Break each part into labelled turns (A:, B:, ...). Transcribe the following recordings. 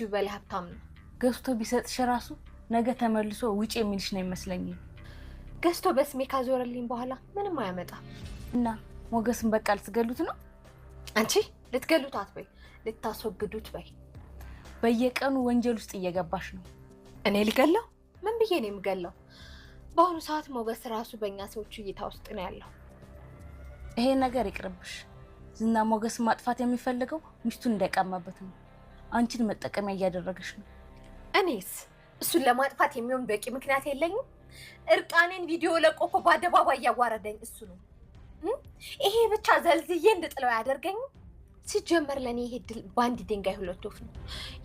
A: ከአክሲው በላይ ሀብታም ነው።
B: ገዝቶ ቢሰጥሽ ራሱ ነገ ተመልሶ ውጭ የሚልሽ ነው ይመስለኝ።
A: ገዝቶ በስሜ ካዞረልኝ በኋላ ምንም አያመጣም።
B: እና ሞገስን በቃ ልትገሉት ነው?
A: አንቺ ልትገሉት አትበይ፣ ልታስወግዱት በይ።
B: በየቀኑ ወንጀል ውስጥ እየገባሽ ነው።
A: እኔ ልገለው? ምን ብዬ ነው የምገለው? በአሁኑ ሰዓት ሞገስ ራሱ በእኛ ሰዎች እይታ ውስጥ ነው ያለው።
B: ይሄ ነገር ይቅርብሽ። ዝና ሞገስን ማጥፋት የሚፈልገው ሚስቱን እንደቀመበት ነው። አንቺን መጠቀሚያ እያደረገች ነው።
A: እኔስ እሱን ለማጥፋት የሚሆን በቂ ምክንያት የለኝም። እርቃኔን ቪዲዮ ለቆ እኮ በአደባባይ እያዋረደኝ እሱ ነው። ይሄ ብቻ ዘልዝዬ እንድጥለው ያደርገኝ ሲጀመር ለእኔ ይሄ ድል በአንድ ድንጋይ ሁለት ወፍ ነው።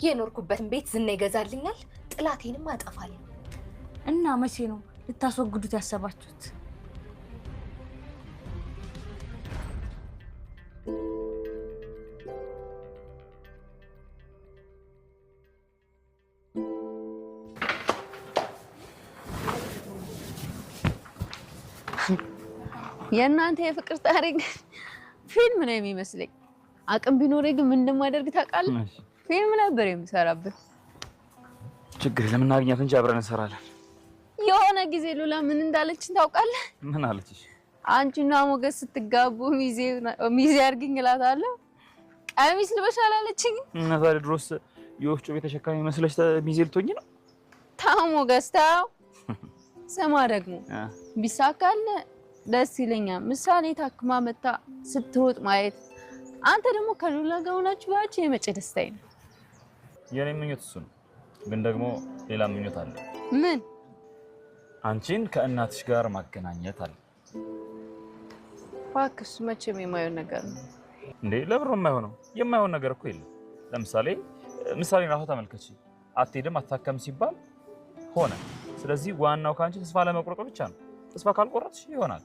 A: የኖርኩበትን ቤት ዝና ይገዛልኛል፣ ጥላቴንም አጠፋል።
B: እና መቼ ነው ልታስወግዱት ያሰባችሁት?
C: የእናንተ የፍቅር ታሪክ ፊልም ነው የሚመስለኝ። አቅም ቢኖር ግን ምን እንደማደርግ ታውቃለህ? ፊልም ነበር የምሰራበት።
D: ችግር ለምናገኛት እንጂ አብረን እንሰራለን።
C: የሆነ ጊዜ ሉላ ምን እንዳለችን ታውቃለህ? ምን አለችሽ? አንቺና ሞገስ ስትጋቡ ሚዜ አድርግኝ እላታለሁ ቀሚስ ልበሻል አለችኝ።
D: እና ዛሬ ድሮስ የወፍጮ ቤት ተሸካሚ መስለሽ ሚዜ ልትሆኝ ነው?
C: ታው ሞገስ፣ ታው ስማ ደግሞ ቢሳካልህ ደስ ይለኛል። ምሳሌ ታክማ መታ ስትሮጥ ማየት፣ አንተ ደግሞ ከሉላ ጋር ሆናችሁ ባጭ የመጨ ደስታይ ነው።
D: የኔ ምኞት እሱ ነው፣ ግን ደግሞ ሌላ ምኞት አለ። ምን? አንቺን ከእናትሽ ጋር ማገናኘት አለ።
C: እባክህ እሱ መቼም የማይሆን ነገር ነው።
D: እንዴ ለብሮ የማይሆነው የማይሆን ነገር እኮ የለም። ለምሳሌ ምሳሌ ራሱ ተመልከች፣ አትሄድም አታከም ሲባል ሆነ። ስለዚህ ዋናው ከአንቺ ተስፋ ለመቁረጥ ብቻ ነው። ተስፋ ካልቆረጥሽ ይሆናል።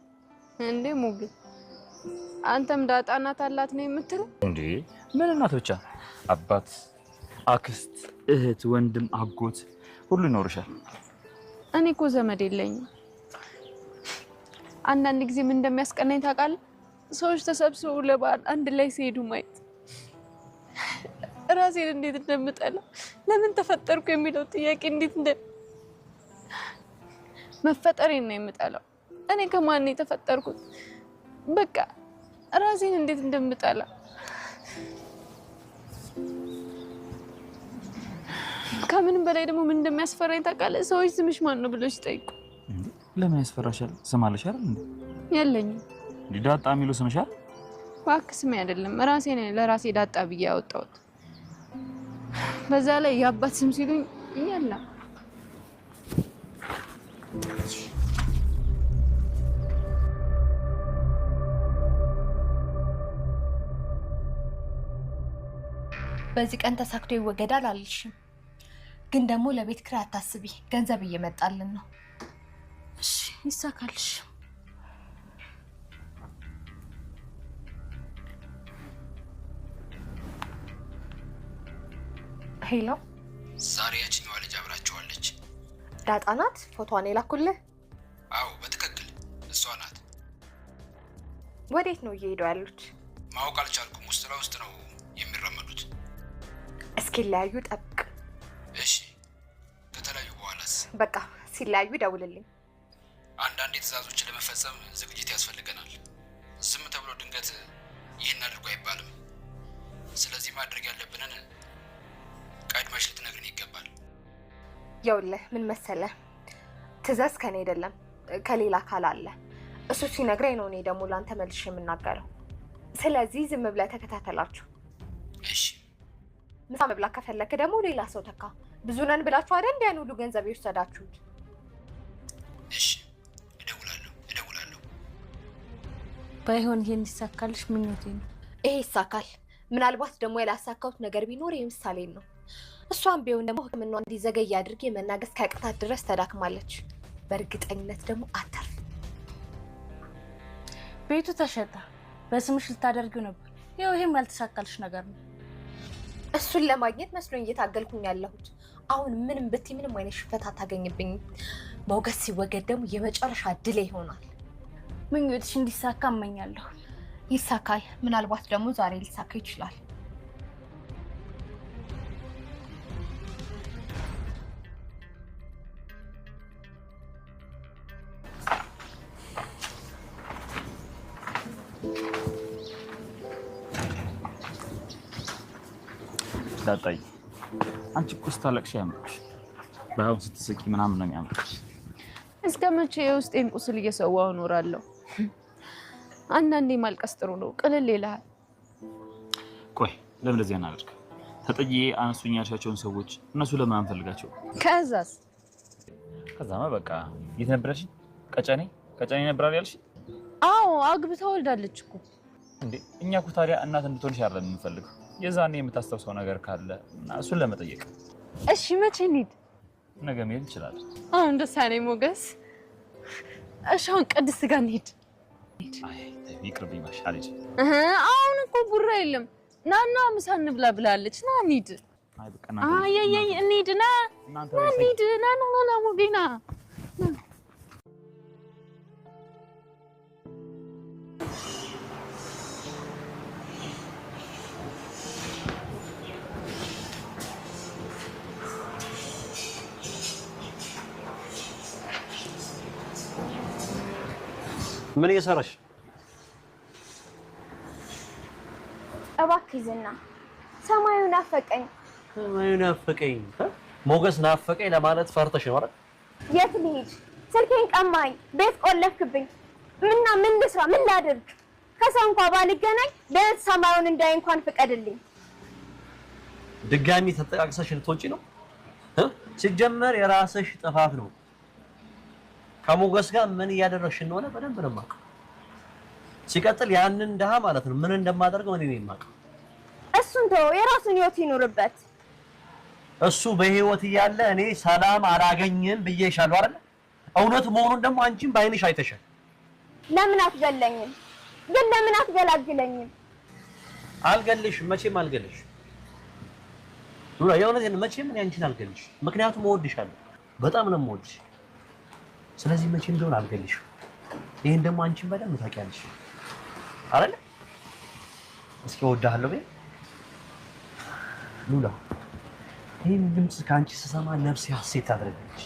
C: እንዴ ሙቢ፣ አንተም ዳጣ እናት አላት ነው የምትለው?
D: እንዴ ምን እናት ብቻ አባት፣ አክስት፣ እህት፣ ወንድም፣ አጎት ሁሉ ይኖርሻል።
C: እኔ እኮ ዘመድ የለኝም። አንዳንድ ጊዜ ምን እንደሚያስቀናኝ ታውቃለህ? ሰዎች ተሰብስበው ለበዓል አንድ ላይ ሲሄዱ ማየት ራሴን እንዴት እንደምጠላ ለምን ተፈጠርኩ የሚለው ጥያቄ እንዴት እንደ መፈጠሬን ነው የምጠላው። እኔ ከማን ነው የተፈጠርኩት? በቃ ራሴን እንዴት እንደምጠላ ከምንም በላይ ደግሞ ምን እንደሚያስፈራኝ ታውቃለህ? ሰዎች ስምሽ ማን ነው ብለው ሲጠይቁ
D: ለምን ያስፈራሻል? ስም አለሽ አይደል? የለኝም። ዳጣ የሚሉ ስምሽ
C: እባክህ ስሜ አይደለም፣ ራሴ ነኝ ለራሴ ዳጣ ብዬ ያወጣሁት። በዛ ላይ የአባት ስም ሲሉኝ እያላ
A: በዚህ ቀን ተሳክቶ ይወገዳል አልልሽም። ግን ደግሞ ለቤት ኪራይ አታስቢ፣ ገንዘብ እየመጣልን ነው። እሺ ይሳካልሽ። ሄሎ፣
E: ዛሬ ያችኛዋ ልጅ አብራችኋለች።
A: ዳጣ ናት ፎቶዋን የላኩልህ?
E: አዎ በትክክል እሷ ናት።
A: ወዴት ነው እየሄዱ ያሉት?
E: ማወቅ አልቻልኩም። ውስጥ ለውስጥ ነው የሚረመዱት።
A: እስኪለያዩ ጠብቅ።
E: እሺ። ከተለያዩ በኋላስ?
A: በቃ ሲለያዩ ደውልልኝ።
E: አንዳንድ የትእዛዞችን ለመፈጸም ዝግጅት ያስፈልገናል። ዝም ተብሎ ድንገት ይህን አድርጎ አይባልም። ስለዚህ ማድረግ ያለብንን ቀድመሽ ልትነግርን ይገባል።
A: የውለ ምን መሰለ፣ ትእዛዝ ከኔ አይደለም ከሌላ አካል አለ። እሱ ሲነግረኝ ነው እኔ ደግሞ ላንተ መልሽ የምናገረው። ስለዚህ ዝም ብለህ ተከታተላችሁ። እሺ ምሳ መብላት ከፈለክ ደግሞ ሌላ ሰው ተካ። ብዙ ነን ብላችሁ አይደል ያን ሁሉ ገንዘብ የወሰዳችሁት?
E: እሺ እደውላለሁ እደውላለሁ።
C: ባይሆን ይሄን ይሳካልሽ ምኞቴ ነው።
A: ይሄ ይሳካል። ምናልባት ደግሞ ያላሳካሁት ነገር ቢኖር የምሳሌን ነው። እሷም ቢሆን ደግሞ ሕክምና እንዲዘገይ አድርጌ የመናገስ ከቅጣት ድረስ ተዳክማለች። በእርግጠኝነት ደግሞ አተርፍ።
C: ቤቱ ተሸጠ፣ በስምሽ ልታደርጊው ነበር። ይኸው ይሄም ያልተሳካልሽ ነገር ነው።
A: እሱን ለማግኘት መስሎኝ እየታገልኩኝ ያለሁት። አሁን ምንም ብትይ ምንም አይነት ሽፈታ ታገኝብኝ ሞገስ ሲወገድ ደግሞ የመጨረሻ ድሌ ይሆናል።
C: ምኞትሽ እንዲሳካ እመኛለሁ።
A: ይሳካል። ምናልባት ደግሞ ዛሬ ሊሳካ ይችላል።
D: ስታጣይ አንቺ እኮ ስታለቅሽ ያምርሽ፣ በአሁን ስትስቂ ምናምን ነው የሚያምርሽ።
C: እስከ መቼ የውስጤን ቁስል እየሰዋሁ እኖራለሁ? አንዳንዴ ማልቀስ ጥሩ ነው፣ ቅልል ይልሃል።
D: ቆይ ለምን እንደዚህ አናደርግ? ተጠዬ አነሱኝ ያልሻቸውን ሰዎች እነሱ ለምን አንፈልጋቸው? ከዛስ? ከዛማ በቃ የት ነበረሽ? ቀጨኔ ቀጨኔ ነበራል ያልሽ?
C: አዎ አግብታ ወልዳለች እኮ
D: እንዴ። እኛ እኮ ታዲያ እናት እንድትሆንሽ አይደለም የምንፈልገው የዛኔ የምታስታውሰው ነገር ካለ እሱን ለመጠየቅ።
C: እሺ፣ መቼ እንሂድ?
D: ነገ መሄድ እንችላለን።
C: አሁን ደስ ያለኝ ሞገስ። እሺ፣ አሁን ቅድስት ጋር እንሂድ።
D: ይቅርብኝ ይመሻል ልጅ።
C: አሁን እኮ ቡራ የለም። ናና ምሳ እንብላ ብላለች። ና እንሂድ፣ እንሂድ፣ ና፣ ና እንሂድ፣ ና፣ ና፣ ና ሞጌ
D: ምን እየሰራሽ?
F: እባክህ ዝና፣ ሰማዩ ናፈቀኝ።
D: ሰማዩ ናፈቀኝ፣ ሞገስ ናፈቀኝ ለማለት ፈርተሽ ነው አይደል?
F: የት ልሂድ? ስልኬን ቀማኝ፣ ቤት ቆለፍክብኝ። ምና ምን ልስራ? ምን ላድርግ? ከሰው እንኳን ባልገናኝ ደህና ሰማዩን እንዳይ እንኳን ፍቀድልኝ።
D: ድጋሚ ተጠቃቅሰሽ ልትወጪ ነው? ሲጀመር የራስሽ ጥፋት ነው። ከሞገስ ጋር ምን እያደረግሽ እንደሆነ በደንብ ነው የማውቀው። ሲቀጥል ያንን ድሀ ማለት ነው ምን እንደማደርገው እኔ ነው የማውቀው።
F: እሱን ተወው፣ የራሱን ህይወት ይኖርበት።
D: እሱ በህይወት እያለ እኔ ሰላም አላገኝም ብዬሻለሁ አይደል? እውነት መሆኑን ደግሞ አንቺም በአይንሽ አይተሻል።
F: ለምን አትገለኝም ግን? ለምን አትገላግለኝም?
D: አልገልሽም፣ መቼም አልገልሽም። ዱላ የእውነት መቼም እኔ አንቺን አልገልሽ፣ ምክንያቱም እወድሻለሁ፣ በጣም ነው የምወድሽ ስለዚህ መቼ እንደሆነ አልገልሽም። ይሄን ደግሞ አንቺን በደንብ ታውቂያለሽ አይደል? እስኪ እወድሃለሁ በይ ሉላ። ይህን ድምፅ ከአንቺ ስሰማ ነፍስ ሀሴት ታደርጋለች።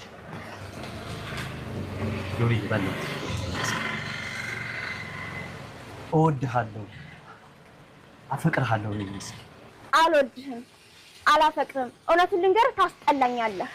D: ሎሊ በለት እወድሃለሁ፣ አፈቅርሃለሁ። ይህ
F: አልወድህም፣ አላፈቅርም። እውነቱን ልንገርህ ታስጠላኛለህ።